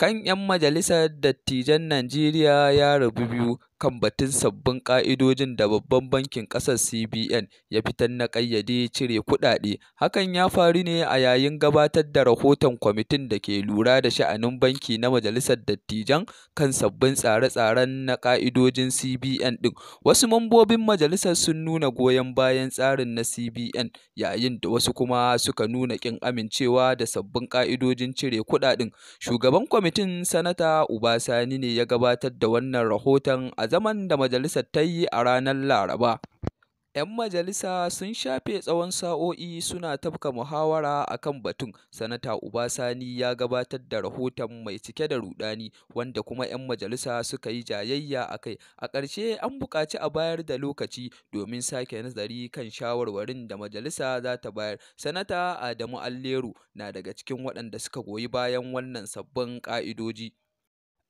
Kan 'yan majalisar dattijan Najeriya ya rabu biyu kan batun sabbin ƙa'idojin da Babban Bankin Ƙasar (CBN) ya fitar na ƙayyade cire kuɗaɗe, hakan ya faru ne a yayin gabatar da rahoton kwamitin da ke lura da sha'anin banki na Majalisar Dattijan kan sabbin tsare-tsaren na ƙa'idojin CBN ɗin, wasu mambobin majalisar sun nuna goyon bayan tsarin na CBN, yayin da wasu kuma suka nuna ƙin amincewa da sabbin ƙa'idojin cire kuɗaɗen. Shugaban kwamitin, Sanata Uba Sani ne ya gabatar da wannan rahoton a zaman da majalisar ta yi a ranar Laraba, ‘yan majalisa sun shafe tsawon sa'o'i suna tafka muhawara a kan batun. Sanata Ubasani ya gabatar da rahoton mai cike da rudani, wanda kuma ‘yan majalisa suka yi jayayya a kai. A ƙarshe an buƙaci a bayar da lokaci domin sake nazari kan shawarwarin da majalisa za ta bayar. Sanata Adamu Alleru na daga cikin waɗanda suka goyi bayan wannan sabbin ƙa'idoji.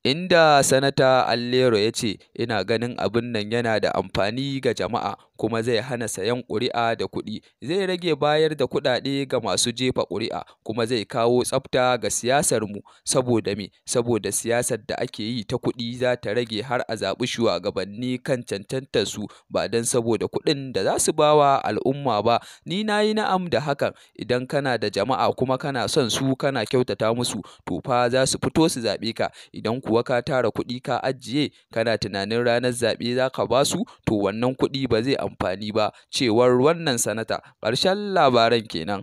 inda Sanata Allero ya ce, “Ina ganin abin nan yana da amfani ga jama'a kuma zai hana sayan ƙuri'a da kuɗi, zai rage bayar da kuɗaɗe ga masu jefa ƙuri'a, kuma zai kawo tsafta ga siyasarmu, saboda me, saboda siyasar da ake yi ta kuɗi za ta rage har a zaɓi shugabanni kan cancantar su ba don saboda kuɗin da za su ba al'umma ba, ni na yi na'am da hakan, idan kana da jama'a kuma kana son su kana kyautata musu, to fa za su fito su zaɓe ka, idan kuwa ka tara kuɗi ka ajiye kana tunanin ranar zaɓe za ka ba su to wannan kuɗi ba zai amfani ba cewar wannan sanata. Ƙarshen labaran kenan.